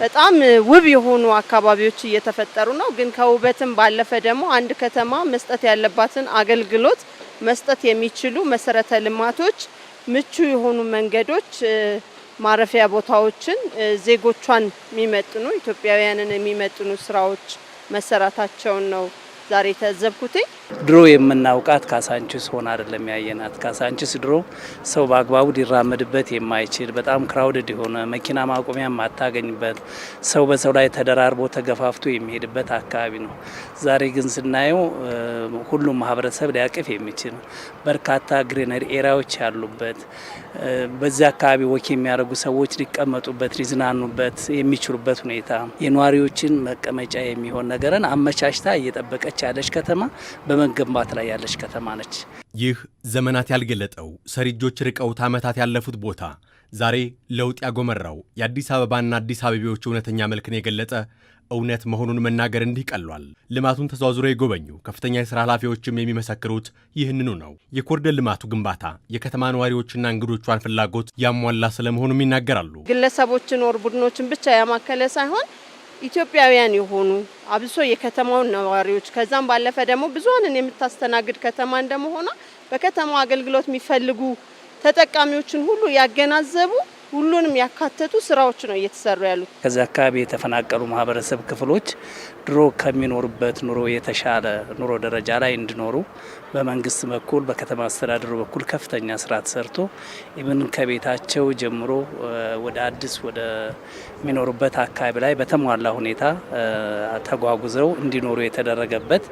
በጣም ውብ የሆኑ አካባቢዎች እየተፈጠሩ ነው። ግን ከውበትም ባለፈ ደግሞ አንድ ከተማ መስጠት ያለባትን አገልግሎት መስጠት የሚችሉ መሰረተ ልማቶች፣ ምቹ የሆኑ መንገዶች፣ ማረፊያ ቦታዎችን፣ ዜጎቿን የሚመጥኑ ኢትዮጵያውያንን የሚመጥኑ ስራዎች መሰራታቸውን ነው ዛሬ ተዘብኩትኝ። ድሮ የምናውቃት ካሳንችስ ሆና አይደለም ያየናት። ካሳንችስ ድሮ ሰው በአግባቡ ሊራመድበት የማይችል በጣም ክራውድድ የሆነ መኪና ማቆሚያ የማታገኝበት ሰው በሰው ላይ ተደራርቦ ተገፋፍቶ የሚሄድበት አካባቢ ነው። ዛሬ ግን ስናየው ሁሉም ማህበረሰብ ሊያቅፍ የሚችል በርካታ ግሪነሪ ኤሪያዎች ያሉበት በዚህ አካባቢ ወኪ የሚያደርጉ ሰዎች ሊቀመጡበት ሊዝናኑበት የሚችሉበት ሁኔታ የነዋሪዎችን መቀመጫ የሚሆን ነገርን አመቻችታ እየጠበቀች እየተገነባች ያለች ከተማ በመገንባት ላይ ያለች ከተማ ነች። ይህ ዘመናት ያልገለጠው ሰሪጆች ርቀውት ዓመታት ያለፉት ቦታ ዛሬ ለውጥ ያጎመራው የአዲስ አበባና አዲስ አበቤዎች እውነተኛ መልክን የገለጠ እውነት መሆኑን መናገር እንዲህ ቀሏል። ልማቱን ተዘዋዙረው የጎበኙ ከፍተኛ የሥራ ኃላፊዎችም የሚመሰክሩት ይህንኑ ነው። የኮሪደር ልማቱ ግንባታ የከተማ ነዋሪዎችና እንግዶቿን ፍላጎት ያሟላ ስለመሆኑም ይናገራሉ። ግለሰቦችን ወር ቡድኖችን ብቻ ያማከለ ሳይሆን ኢትዮጵያውያን የሆኑ አብሶ የከተማውን ነዋሪዎች ከዛም ባለፈ ደግሞ ብዙሃንን የምታስተናግድ ከተማ እንደመሆኗ በከተማው አገልግሎት የሚፈልጉ ተጠቃሚዎችን ሁሉ ያገናዘቡ ሁሉንም ያካተቱ ስራዎች ነው እየተሰሩ ያሉት። ከዚህ አካባቢ የተፈናቀሉ ማህበረሰብ ክፍሎች ድሮ ከሚኖሩበት ኑሮ የተሻለ ኑሮ ደረጃ ላይ እንዲኖሩ በመንግስት በኩል በከተማ አስተዳደሩ በኩል ከፍተኛ ስራ ተሰርቶ ኢብን ከቤታቸው ጀምሮ ወደ አዲስ ወደሚኖሩበት ሚኖሩበት አካባቢ ላይ በተሟላ ሁኔታ ተጓጉዘው እንዲኖሩ የተደረገበት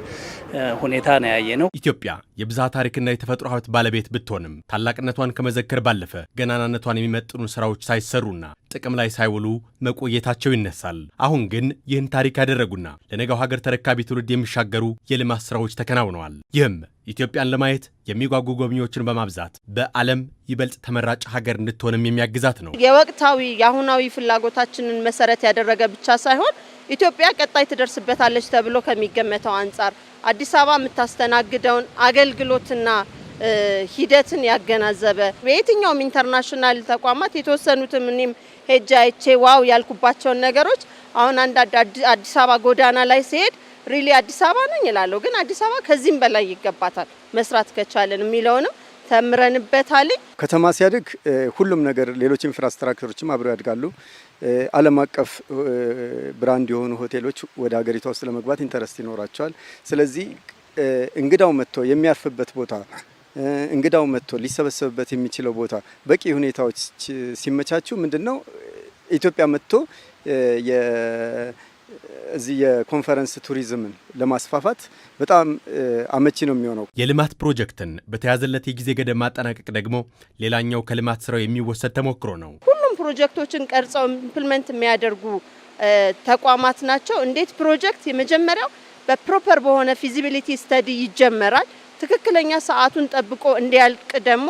ሁኔታ ነው ያየ ነው። ኢትዮጵያ የብዝሃ ታሪክና የተፈጥሮ ሀብት ባለቤት ብትሆንም ታላቅነቷን ከመዘከር ባለፈ ገናናነቷን የሚመጥኑ ስራዎች ሳይሰሩና ጥቅም ላይ ሳይውሉ መቆየታቸው ይነሳል። አሁን ግን ይህን ታሪክ ያደረጉና ለነገው ሀገር ተረካቢ ትውልድ የሚሻገሩ የልማት ስራዎች ተከናውነዋል። ይህም ኢትዮጵያን ለማየት የሚጓጉ ጎብኚዎችን በማብዛት በዓለም ይበልጥ ተመራጭ ሀገር እንድትሆንም የሚያግዛት ነው። የወቅታዊ የአሁናዊ ፍላጎታችንን መሰረት ያደረገ ብቻ ሳይሆን ኢትዮጵያ ቀጣይ ትደርስበታለች ተብሎ ከሚገመተው አንጻር አዲስ አበባ የምታስተናግደውን አገልግሎትና ሂደትን ያገናዘበ በየትኛውም ኢንተርናሽናል ተቋማት የተወሰኑትም እኔም ሄጄ አይቼ ዋው ያልኩባቸውን ነገሮች አሁን አንዳንድ አዲስ አበባ ጎዳና ላይ ሲሄድ ሪሊ አዲስ አበባ ነኝ እላለሁ፣ ግን አዲስ አበባ ከዚህም በላይ ይገባታል መስራት ከቻለን የሚለውንም ተምረንበታል። ከተማ ሲያድግ ሁሉም ነገር ሌሎች ኢንፍራስትራክቸሮችም አብረው ያድጋሉ። ዓለም አቀፍ ብራንድ የሆኑ ሆቴሎች ወደ ሀገሪቷ ውስጥ ለመግባት ኢንተረስት ይኖራቸዋል። ስለዚህ እንግዳው መጥቶ የሚያርፍበት ቦታ እንግዳው መጥቶ ሊሰበሰብበት የሚችለው ቦታ በቂ ሁኔታዎች ሲመቻቹ ምንድን ነው ኢትዮጵያ መጥቶ እዚህ የኮንፈረንስ ቱሪዝምን ለማስፋፋት በጣም አመቺ ነው የሚሆነው። የልማት ፕሮጀክትን በተያዘለት የጊዜ ገደብ ማጠናቀቅ ደግሞ ሌላኛው ከልማት ስራው የሚወሰድ ተሞክሮ ነው። ሁሉም ፕሮጀክቶችን ቀርጸው ኢምፕልመንት የሚያደርጉ ተቋማት ናቸው። እንዴት ፕሮጀክት የመጀመሪያው በፕሮፐር በሆነ ፊዚቢሊቲ ስተዲ ይጀመራል። ትክክለኛ ሰዓቱን ጠብቆ እንዲያልቅ ደግሞ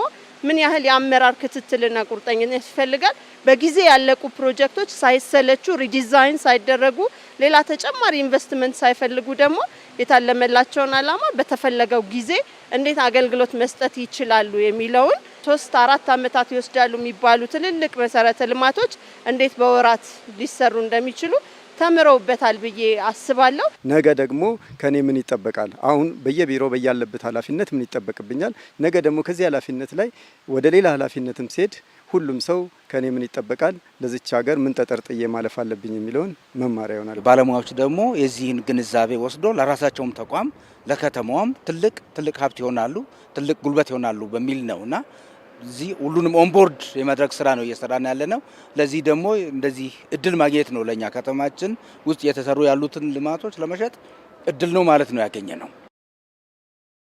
ምን ያህል የአመራር ክትትልና ቁርጠኝነት ይፈልጋል። በጊዜ ያለቁ ፕሮጀክቶች ሳይሰለቹ ሪዲዛይን ሳይደረጉ ሌላ ተጨማሪ ኢንቨስትመንት ሳይፈልጉ ደግሞ የታለመላቸውን ዓላማ በተፈለገው ጊዜ እንዴት አገልግሎት መስጠት ይችላሉ የሚለውን ሶስት አራት ዓመታት ይወስዳሉ የሚባሉ ትልልቅ መሰረተ ልማቶች እንዴት በወራት ሊሰሩ እንደሚችሉ ተምረውበታል ብዬ አስባለሁ። ነገ ደግሞ ከኔ ምን ይጠበቃል? አሁን በየቢሮ በያለበት ኃላፊነት ምን ይጠበቅብኛል? ነገ ደግሞ ከዚህ ኃላፊነት ላይ ወደ ሌላ ኃላፊነትም ሲሄድ ሁሉም ሰው ከኔ ምን ይጠበቃል፣ ለዚች ሀገር ምን ተጠርጥዬ ማለፍ አለብኝ የሚለውን መማሪያ ይሆናል። ባለሙያዎች ደግሞ የዚህን ግንዛቤ ወስዶ ለራሳቸውም ተቋም ለከተማዋም ትልቅ ትልቅ ሀብት ይሆናሉ፣ ትልቅ ጉልበት ይሆናሉ በሚል ነውና እዚህ ሁሉንም ኦንቦርድ የማድረግ ስራ ነው እየሰራን ያለ ነው። ለዚህ ደግሞ እንደዚህ እድል ማግኘት ነው ለእኛ ከተማችን ውስጥ የተሰሩ ያሉትን ልማቶች ለመሸጥ እድል ነው ማለት ነው ያገኘ ነው።